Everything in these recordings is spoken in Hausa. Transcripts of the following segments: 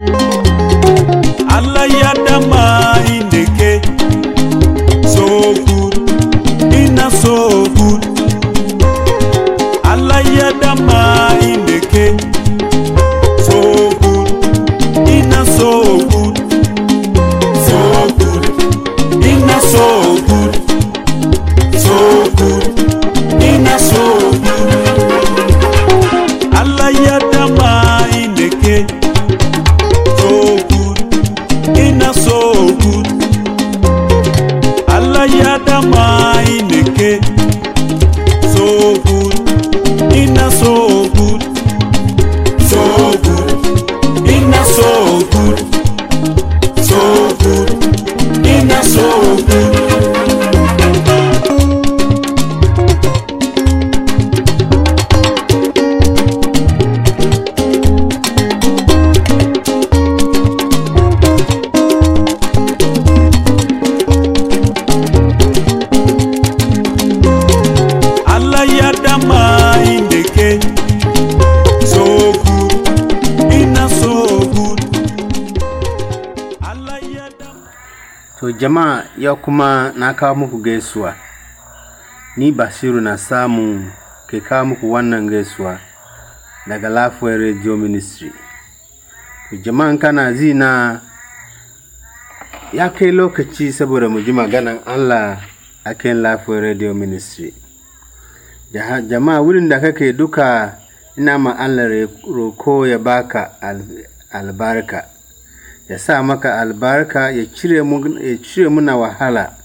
you jama'a ya kuma na kawo muku gaisuwa ni basiru na samu ke kawo muku wannan gaisuwa daga lafiyar radio ministry jama'an kana zina ya kai lokaci saboda mu ji maganan allah a kan lafiyar radio ministry jama'a wurin da kake duka ina ma allah roko ya baka albarka ya sa maka albarka ya cire muna wahala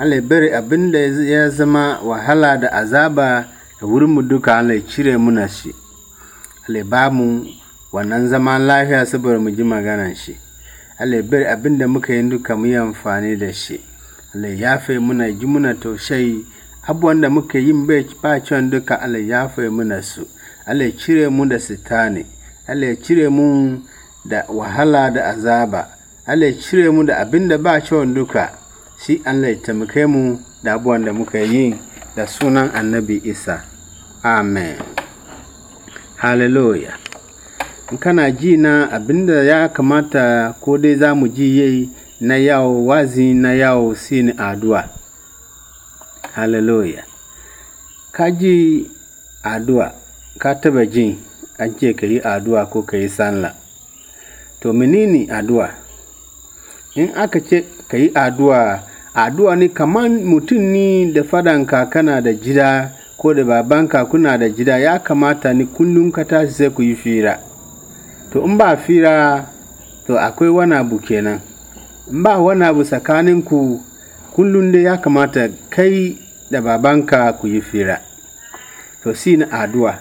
Allah ya bari abin da ya zama wahala da azaba da mu duka Allah ya cire muna shi Allah ba mu wannan zaman lafiya saboda mu ji maganan shi Allah ya bari abin da muka yi duka mu yi amfani da shi Allah ya yafe muna ji muna taushai abubuwan da muka yi ba cewa duka Allah ya yafe muna su Allah ya cire mu da sitani Allah ya cire mu da wahala da azaba Allah ya cire mu da abin da ba ciwon duka shi Allah ya taimake mu da abubuwan da muka yi da sunan annabi isa amen hallelujah in kana ji na abinda ya kamata ko dai za mu ji yayi na yawo wazi na yawo sin addu'a hallelujah ka ji addu'a ka taba jin an ce ka yi addu'a ko ka yi sallah To menene addu'a? In aka ce ka yi addu'a, addu'a ne kaman mutum ni da fadanka kana da jira ko da babanka kuna da jira ya kamata ni kullum ka tashi sai ku yi fira. To in ba fira to akwai wani abu kenan. In ba wani abu ku kullum dai ya kamata kai da babanka ku yi fira. To si na addu'a.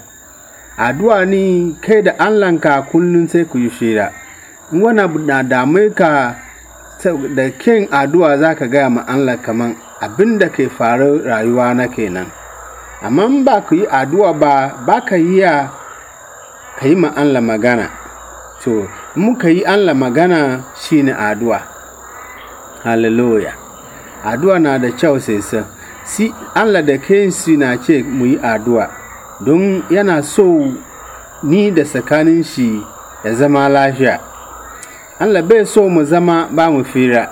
Addu'a ni kai da Allahnka kullum sai ku yi fira. wani abu na damai ka da kin addu'a za ka gaya ma Allah kaman abin da ke faru rayuwa na kenan amma ba ku yi addu'a ba ba ka yi ya ka yi ma Allah magana to muka yi Allah magana shine addu'a hallelujah addu'a na da kyau sosai si Allah da shi na ce mu yi addu'a don yana so ni da tsakanin shi ya zama lafiya Allah bai so mu zama ba mu fira.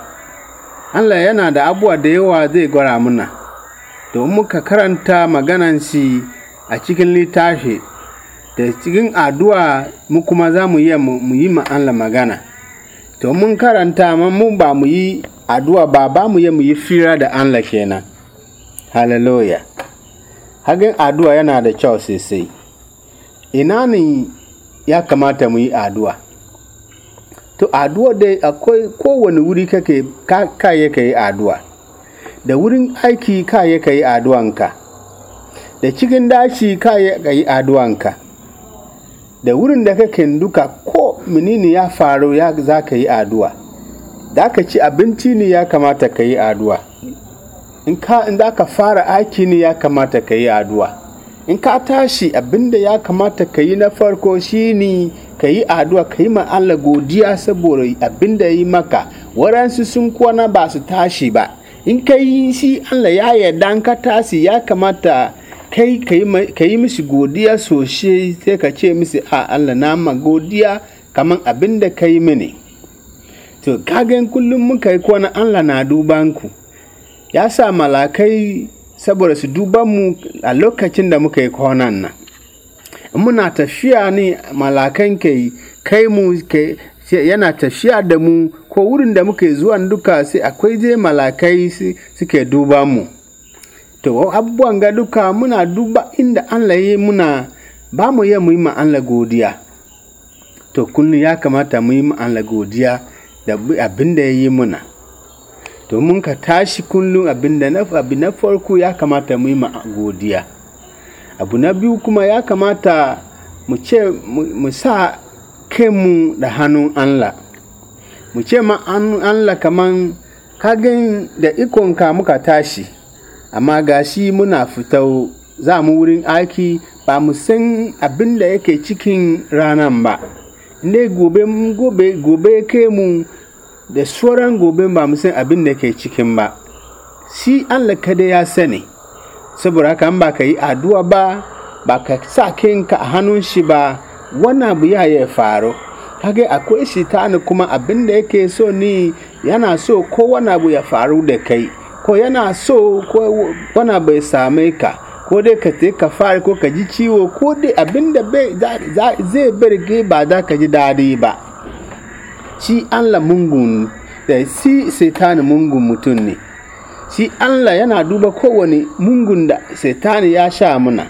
Allah yana da abuwa da yawa zai gwara muna, domin muka karanta maganan shi a cikin littafi da cikin addu'a mu kuma za mu yi mu yi Allah magana. To mun karanta ma mu ba mu yi addu'a ba ba mu yi mu yi fira da Allah kenan. Hallelujah. Hagin addu'a yana da kyau sosai. Ina ne ya kamata mu yi addu'a? to addu'a dai akwai kowane wuri kake ka yi ka yi addu'a da wurin aiki ka yi ka yi addu'anka da cikin dashi ka yi ka yi addu'anka da wurin da kake duka ko menene ya faru ya za ka yi addu'a da ka ci abinci ne ya kamata ka yi addu'a in ka in da ka fara aiki ne ya kamata ka yi addu'a in ka tashi abinda ya kamata ka yi na farko shi shine ka yi addu'a ka yi Allah godiya saboda abin da yi maka waransu sun kwana ba su tashi ba in ka yi shi Allah ya yarda ka tashi ya kamata kai ka yi mishi godiya sosai sai ka ce mishi a Allah na ma godiya kaman abin da ka yi mini to kagan kullum muka yi kwana Allah na duban ku ya sa malakai saboda su duban mu a lokacin da muka yi kwanan nan muna tafiya ne malakan ke kai mu ke yana tafiya da mu ko wurin da muke zuwa duka sai akwai je malakai suke duba mu to abubuwan ga duka muna duba inda Allah ya muna ba mu yi mu yi Allah godiya to kullum ya kamata mu yi Allah godiya da abin da ya yi muna to mun ka tashi kullum abin da na farko ya kamata mu yi godiya abu na biyu kuma ya kamata mu ce mu sa mu da hannun allah mu ce ma hannun allah kaman kagin da ikonka muka tashi amma gashi muna fitau za mu wurin aiki ba mu san abin da yake cikin ranan ba ne gobe gobe gobe ke mu da sauran gobe ba mu san abin da ke cikin ba si allah kada ya sani saboda haka ba ka yi addu'a ba ba ka sa kinka a hannun shi ba wannan abu ya ya faru kage akwai ni kuma abin da yake so ni yana so ko wani abu ya faru da kai ko yana so ko wani abu ya same ka ko dai ka te ka fara ko ka ji ciwo ko dai abin da zai birge ba za ka ji daɗi ba shi allah mungun da si satan mungun mutum ne shi Allah yana duba kowane mungun da Satani ya sha muna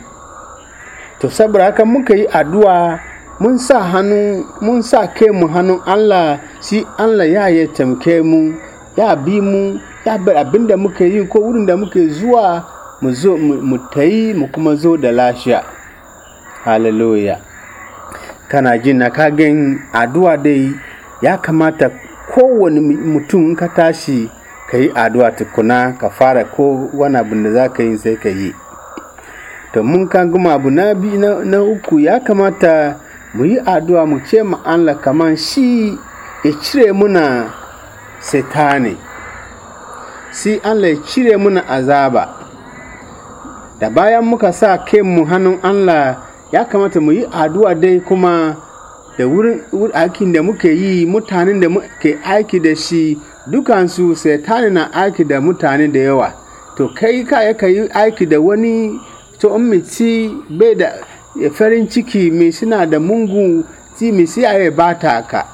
to saboda haka muka yi addu'a mun sa hannu mun sa kai mu hannun Allah shi Allah ya yi tamke mu ya bi mu ya bar abin da muka yi ko wurin da muka zuwa mu zo mu tayi mu kuma zo da lafiya hallelujah kana jin na ka addu'a dai ya kamata kowane mutum ka tashi ka yi addu'a tukuna ka fara ko wani abin da za ka yi sai ka yi to mun ka gama abu na biyu na uku ya kamata mu yi addu'a mu ce ma Allah kaman shi ya cire muna satani si Allah ya cire muna azaba da bayan muka sa mu hannun Allah ya kamata mu yi addu'a dai kuma da wurin aikin da muke yi mutanen da muke aiki da shi dukansu satani na aiki da mutane da yawa to kai ka ya ka aiki da wani to in bai da farin ciki mai suna da mungu ti mai siya ya ta ka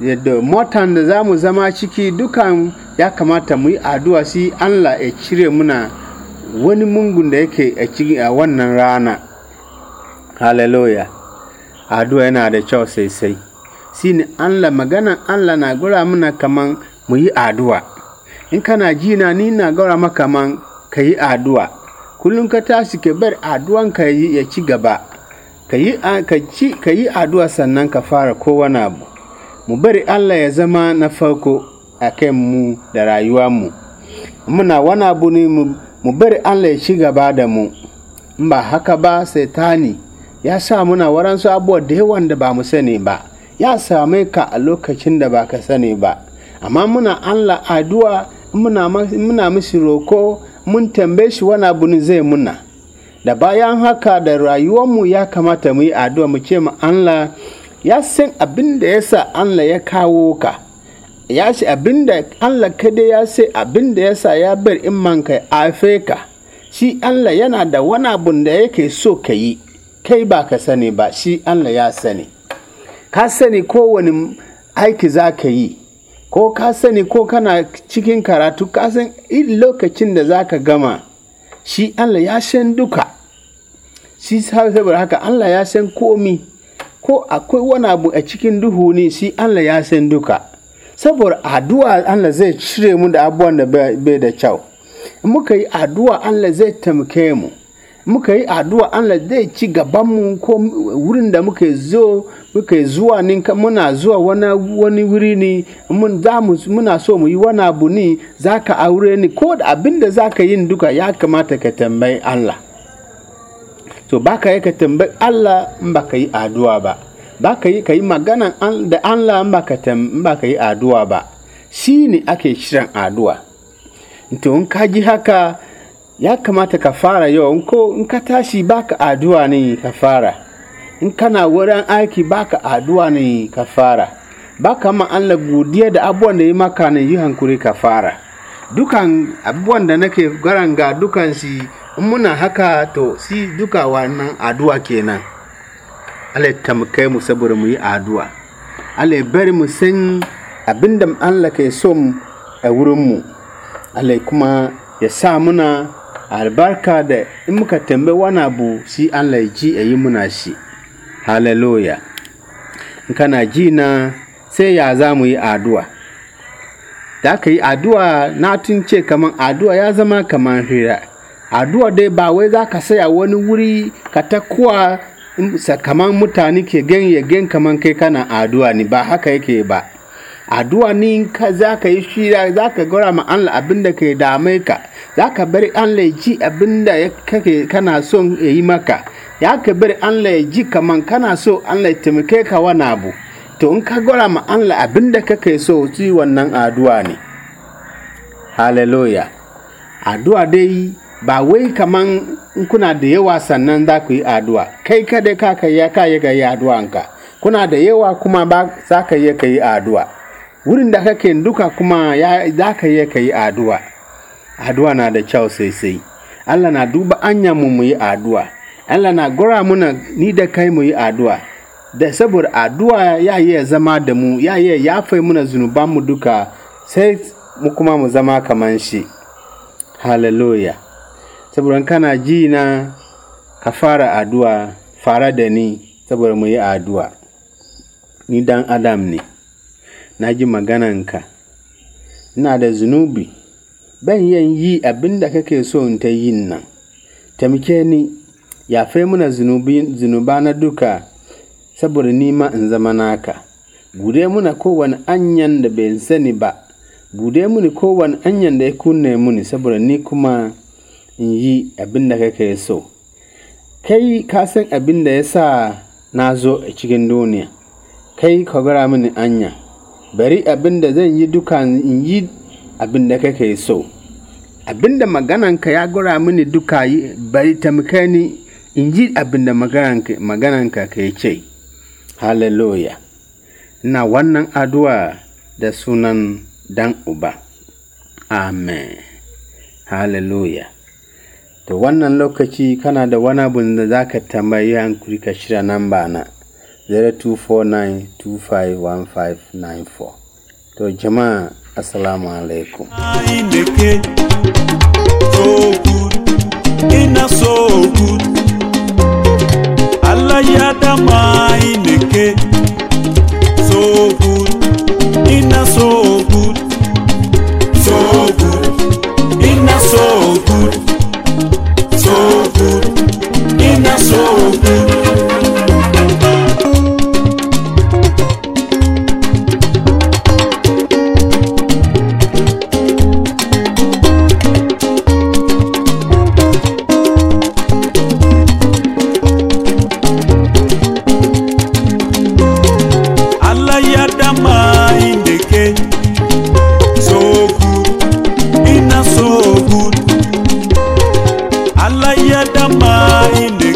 yadda motan da za mu zama ciki dukan ya kamata mu yi addu'a si Allah ya cire muna wani mungun da yake a cikin a wannan rana hallelujah addu'a yana da kyau sai sai ne Allah magana Allah na gura muna kaman mu yi addu'a in kana ji na ni na gaura maka man ka yi addu'a kullum ka tashi ka bar addu'an ka yi ya ci gaba ka yi addu'a sannan ka fara kowane abu mu bari Allah ya zama na farko a kan mu da rayuwa mu muna wani abu ne mu bari Allah ya ci gaba da mu in ba haka ba satani ya sa muna waransu abubuwa da yawan da ba mu sani ba ya same ka a lokacin da ba ka sani ba amma muna Allah addu'a muna muna mishi roko mun tambaye shi wani abu ne zai muna da bayan haka da rayuwarmu ya kamata mu yi addu'a mu ce ma Allah ya san abin da ya sa Allah ya kawo ka ya ce abin da Allah kada ya sai abin da ya sa ya bar in ka afe ka shi Allah yana da wani abun da yake so ka yi kai ba ka sani ba shi Allah ya sani ka sani kowane aiki za ka yi ko ka sani ko kana cikin karatu ka san lokacin da za ka gama shi Allah ya san duka shi saboda haka Allah ya san komi ko akwai wani abu a cikin duhu ne shi Allah ya san duka saboda addu'a Allah zai cire mu da abubuwan da bai da kyau muka yi addu'a Allah zai tamke mu muka yi addu'a Allah zai ci gabanmu ko wurin da muka zo muka zuwa ne muna zuwa wani wuri ne mun za mu muna so mu yi wani abu ne za ka aure ni ko da abin da za ka yin duka ya kamata ka tambayi Allah to ba ka yi ka tambayi Allah in ba ka yi addu'a ba ba ka yi ka yi magana da Allah in ba ka yi addu'a ba shi ne ake shirin addu'a to in ka ji haka ya kamata ka fara yau in ko in ka tashi baka addu'a ne ka fara in kana wurin aiki baka addu'a ne ka fara baka ma Allah godiya da abubuwan da ya maka ne yi hankuri ka fara dukan abubuwan da nake garanga dukan shi in muna haka to si duka wannan addu'a kenan Allah ya tamkai mu saboda mu yi addu'a Allah bari mu san abinda Allah ke so a wurin mu Allah kuma ya sa muna albarka da in muka tambayi wani abu si an ya ji yi muna shi hallelujah in kana ji na sai ya za mu yi addu'a da aka yi addu'a na tun ce kamar addu'a ya zama kamar hira addu'a dai ba wai za ka saya wani wuri ka ta kuwa kamar mutane ke gan ya gan kamar kai kana addu'a ne ba haka yake ba addu'a ni ka za ka yi shira za ka gora ma Allah abin da ke dame ka za ka bari Allah ya ji abin da kake kana son ya yi maka ya ka bari Allah ya ji kaman kana so Allah ya taimake ka wani abu to in ka gwara ma Allah abin da kake so ci wannan addu'a ne hallelujah addu'a dai ba wai kaman in kuna da yawa sannan za ku yi addu'a kai kada ka kai ya yi ga addu'anka kuna da yawa kuma ba za ka yi ka yi addu'a wurin da kake duka kuma ya za ka yi ka yi addu'a addu'a na da kyau sosai Allah na duba anya mu mu yi addu'a Allah na gora muna ni da kai mu yi addu'a da saboda addu'a ya yi ya zama da mu ya yi ya mu muna zunuban mu duka sai mu kuma mu zama kaman shi hallelujah saboda kana ji na ka fara addu'a fara da ni saboda mu yi addu'a ni dan adam ne na ji magananka ina da zunubi ban yin yi abin da kake so in ta yin nan, taimake ni, yafe mana zunuba na duka, saboda nima in zama naka, gude muna kowane anyan da bai sani ba, gude muni kowane anyan da ya kunne muni saboda ni kuma in yi abin da kake so. Kai ka san abin da ya sa na zo a cikin duniya, kai ka gara mini anya, bari abinda zan yi duka in yi abin da kake so abin da magananka ya gura mini duka yi bari tamkai ni in ji abin da magananka ka ce hallelujah na wannan addu'a da sunan dan uba amen hallelujah to wannan lokaci kana da wani abu da za ka tambayi hankuri ka nan namba na 0249251594 to jama'a Asalamu alaikum. so good binadamu ini